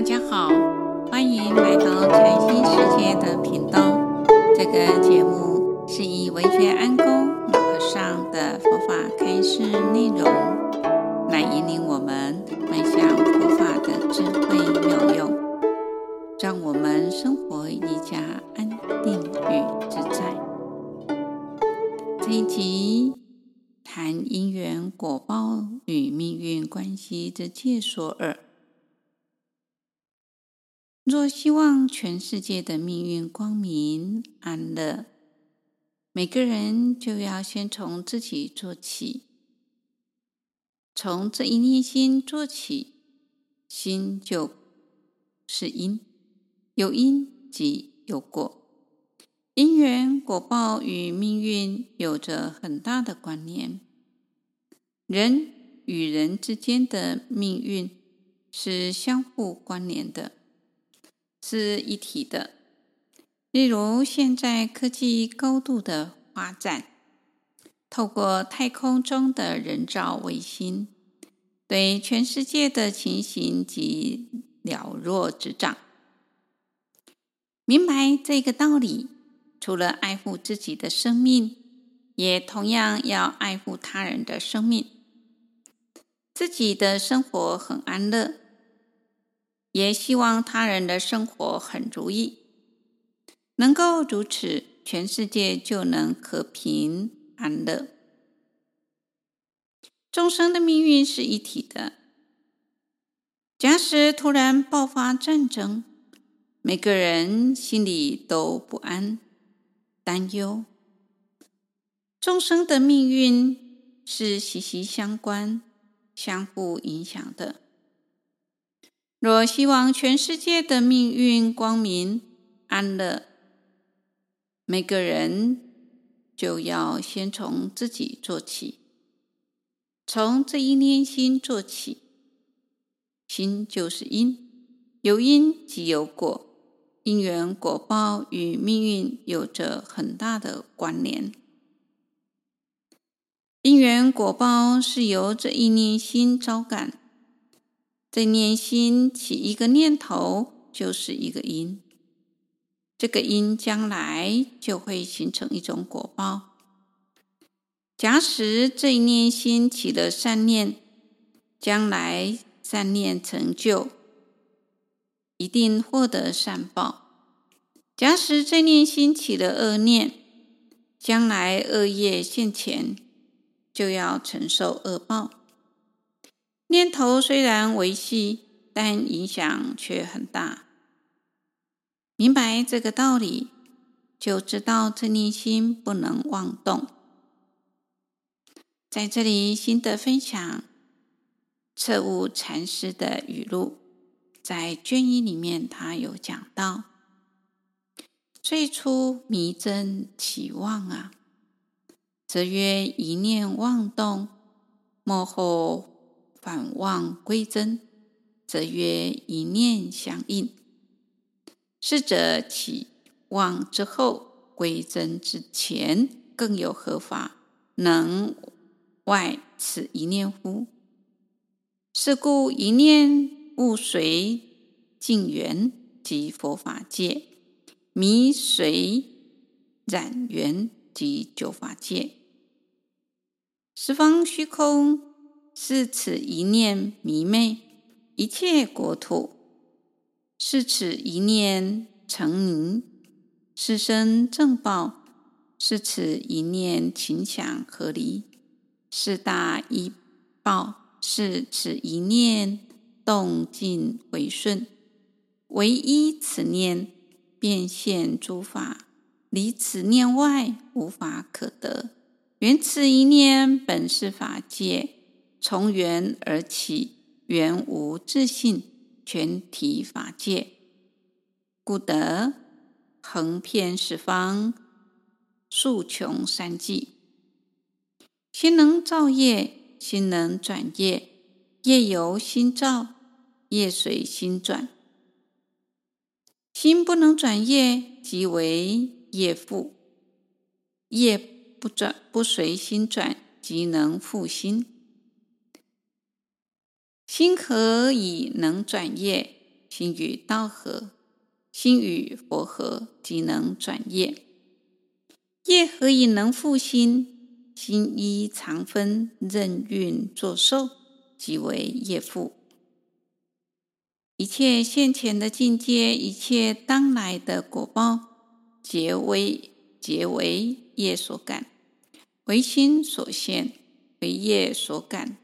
大家好，歡迎來到全新世界的頻道。這個節目是以惟覺安公老和尚的佛法開示內容，來引領我們邁向佛法的智慧妙用，讓我們生活更加安定與自在。這一集談因緣果報與命運關係之介說二。若希望全世界的命運光明、安樂，每個人就要先從自己做起，從這一念心做起。心就是因，有因即有果，因緣果報與命運有着很大的關聯。人與人之間的命運是相互關聯的。是一體的，例如現在科技高度的發展，透過太空中的人造衛星，對全世界的情形即瞭若指掌。明白這個道理，除了愛護自己的生命，也同樣要愛護他人的生命。自己的生活很安樂。也希望他人的生活很如意，能夠如此，全世界就能和平安樂。眾生的命運是一體的。假使突然爆發戰爭，每個人心裡都不安，擔憂。眾生的命運是息息相關、相互影響的。若希望全世界的命運光明、安樂，每個人就要先從自己做起，從這一念心做起。心就是因，有因即有果，因緣果報與命運有着很大的關聯。因緣果報是由這一念心招感。這念心起一個念頭，就是一個因。這個因將來就會形成一種果報。假使這念心起了善念，將來善念成就，一定獲得善報；假使這念心起了惡念，將來惡業現前，就要承受惡報。念頭雖然微細，但影響卻很大。明白這個道理，就知道這念心不能妄動。在這裡，心得分享，徹悟禪師的語錄，在卷一裡面，他有講到：最初迷真起妄啊，則曰一念妄動，末後，返妄歸真，則曰一念相應。是則起妄之後，歸真之前，更有何法能外此一念乎？是故一念悟隨淨緣，即佛法界；迷隨染緣，即九法界。十方虛空。是此一念迷昧，一切國土，是此一念澄凝，四生正報；是此一念情想合離，四大依報；是此一念動靜違順，唯依此念變現諸法，離此念外，無法可得。原此一念本是法界。從緣而起，緣無自性，全體法界，故得橫遍十方，豎窮三際。心能造業，心能轉業，業由心造，業隨心轉。心不能轉業，即為業縛，業不轉不隨心轉，即能縛心。心何以能轉業？心與道合，心與佛合，即能轉業。業何以能縛心？心依常分，任運作受，即為業縛。一切現前的境界，一切當來的果報，皆唯皆唯業所感，唯心所現，唯業所感。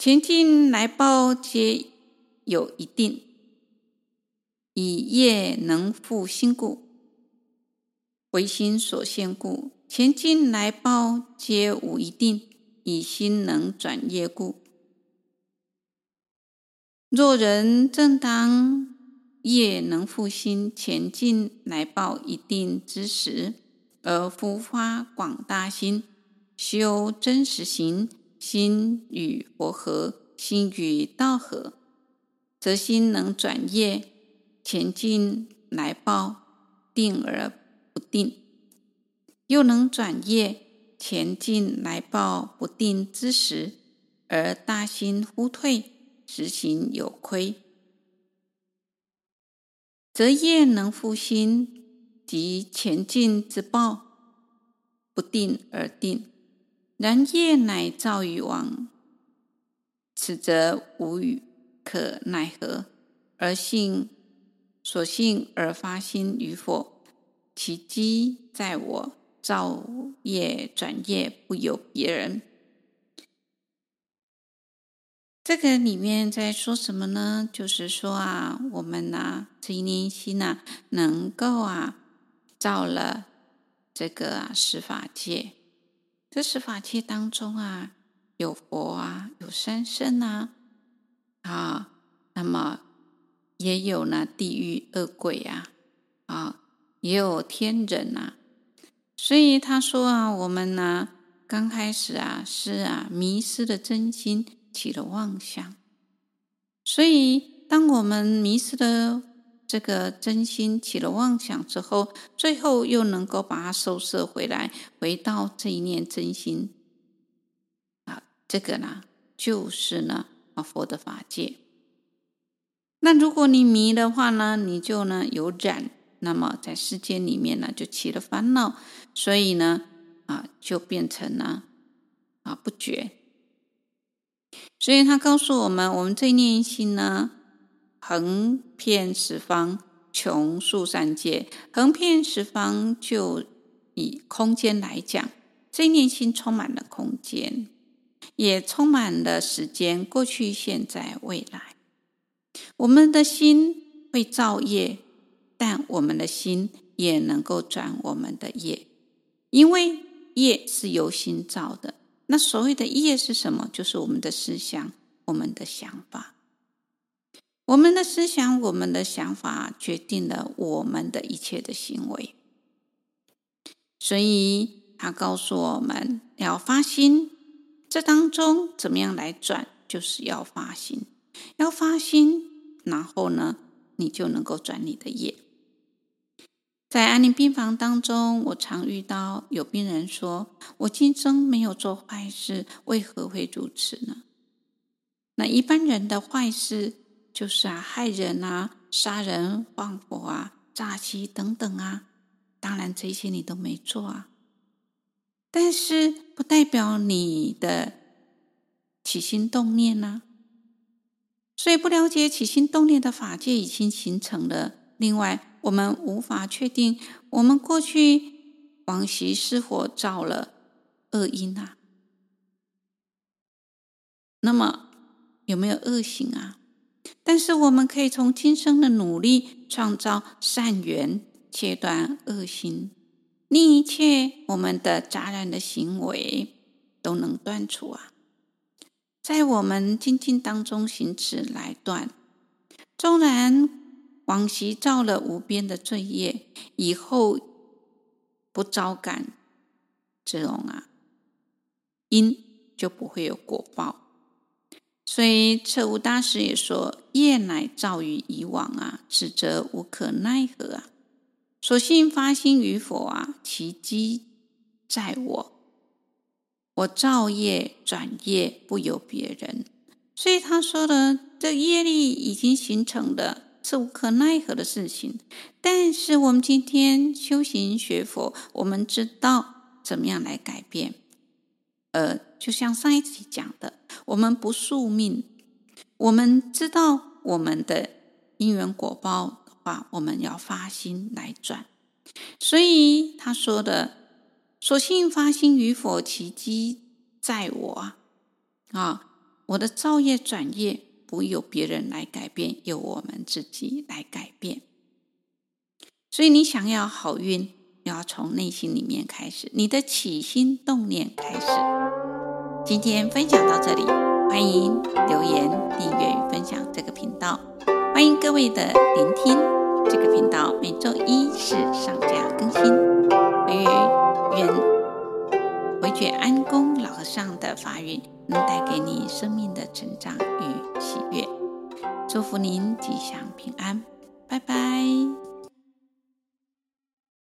前境來報皆有一定，以業能縛心故；唯心所現故。前境來報皆無一定，以心能轉業故。若人正當業能縛心，前境來報一定之時，而忽發廣大心，修真實行。心與佛合，心與道合，則心能轉業，前境來報，定而不定；又能轉業，前境來報不定之時，而大心忽退，實行有虧，則業能縛心，即前境之報，不定而定。然業乃造於已往，此則無語可奈何。而幸，所幸而發心與否，其機在我，造業轉業不由別人。這個裡面在說什麼呢？就是說啊，我們吶、啊，這一念心啊，能夠啊，造了這個啊，十法界。這十法界當中啊，有佛啊，有三聖啊，啊，那麼也有呢，地獄惡鬼啊，啊，也有天人吶、啊。所以他說啊，我們呢、啊，剛開始啊，是啊，迷失了真心，起了妄想。所以，當我們迷失的。這個真心起了妄想之後，最後又能夠把它收攝回來，回到這一念真心啊，這個呢，就是呢啊，佛的法界。那如果你迷的話呢，你就呢有染，那麼在世界裡面呢就起了煩惱，所以呢啊，就變成了啊不覺。所以他告訴我們，我們這一念心呢。橫遍十方，窮豎三界。橫遍十方，就以空間來講，這一念心充滿了空間，也充滿了時間，過去、現在、未來。我們的心會造業，但我們的心也能夠轉我們的業，因為業是由心造的。那所謂的業是什麼？就是我們的思想，我們的想法。我們的思想，我們的想法，決定了我們的一切的行為。所以，他告訴我們要發心，這當中怎麼樣來轉，就是要發心，要發心，然後呢，你就能夠轉你的業。在安寧病房當中，我常遇到有病人說：“我今生沒有做壞事，為何會如此呢？”那一般人的壞事。就是啊，害人啊，殺人放火啊，詐欺等等啊，當然這些你都沒做啊，但是不代表你的起心動念呢、啊。所以不了解起心動念的法界已經形成了。另外，我們無法確定我們過去往昔是否造了惡因吶、啊？那麼有沒有惡行啊？但是我們可以從今生的努力，創造善緣，切斷惡行，令一切我們的雜染的行為都能斷除啊！在我們精進當中行持來斷，縱然往昔造了無邊的罪業，以後不招感這種，啊，因就不會有果報。所以徹悟大師也說：“業乃造於以往啊，此則無可奈何啊。所幸發心與否啊，其機在我，我造業轉業不由別人。”所以他說的這業力已經形成的，是無可奈何的事情。但是我們今天修行學佛，我們知道怎麼樣來改變。呃，就像上一集講的，我們不宿命，我們知道我們的因緣果報的話，我們要發心來轉。所以他說的“所幸發心與否，其機在我啊！啊，我的造業轉業不由別人來改變，由我們自己來改變。所以你想要好運。”要從內心裡面開始，你的起心動念開始。今天分享到這裡，歡迎留言、訂閱與分享這個頻道。歡迎各位的聆聽。這個頻道每週一是上架更新。惟願，惟覺安公老和尚的法語能帶給你生命的成長與喜悅。祝福您吉祥平安，拜拜。